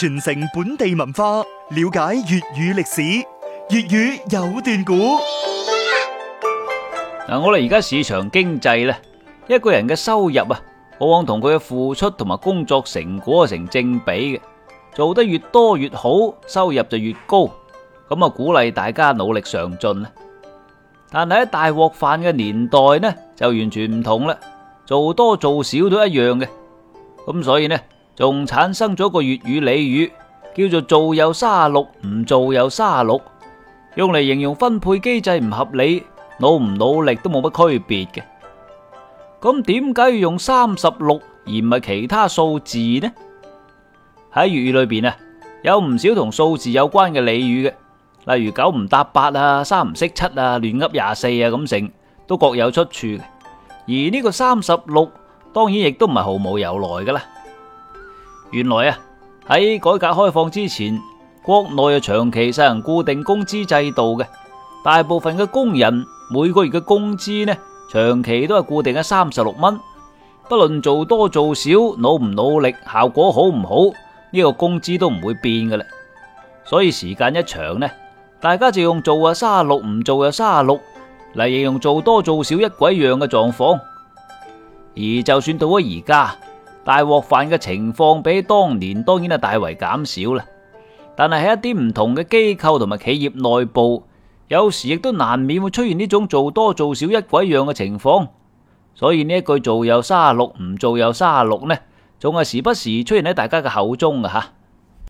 傳承本地文化，了解粵語歷史，粵語有段古。嗱，我哋而家市場經濟咧，一個人嘅收入啊，往往同佢嘅付出同埋工作成果成正比嘅，做得越多越好，收入就越高。咁啊，鼓勵大家努力上進啦。但係喺大鑊飯嘅年代咧，就完全唔同啦，做多做少都一樣嘅。咁所以咧。仲產生咗個粵語俚語，叫做做又卅六，唔做又卅六，用嚟形容分配機制唔合理，努唔努力都冇乜區別嘅。咁點解要用三十六而唔係其他數字呢？喺粵語裏邊啊，有唔少同數字有關嘅俚語嘅，例如九唔搭八啊，三唔識七啊，亂噏廿四啊，咁成都各有出處嘅。而呢個三十六，當然亦都唔係毫無由來噶啦。原來啊，喺改革開放之前，國內啊長期實行固定工資制度嘅，大部分嘅工人每個月嘅工資呢，長期都係固定喺三十六蚊，不論做多做少，努唔努力，效果好唔好，呢個工資都唔會變噶啦。所以時間一長呢，大家就用做啊三十六，唔做又三十六嚟，形容做多做少一鬼樣嘅狀況。而就算到咗而家，大鑊飯嘅情況比當年當然係大為減少啦，但係喺一啲唔同嘅機構同埋企業內部，有時亦都難免會出現呢種做多做少一鬼樣嘅情況，所以呢一句做又卅六，唔做又卅六呢，仲係時不時出現喺大家嘅口中嘅吓。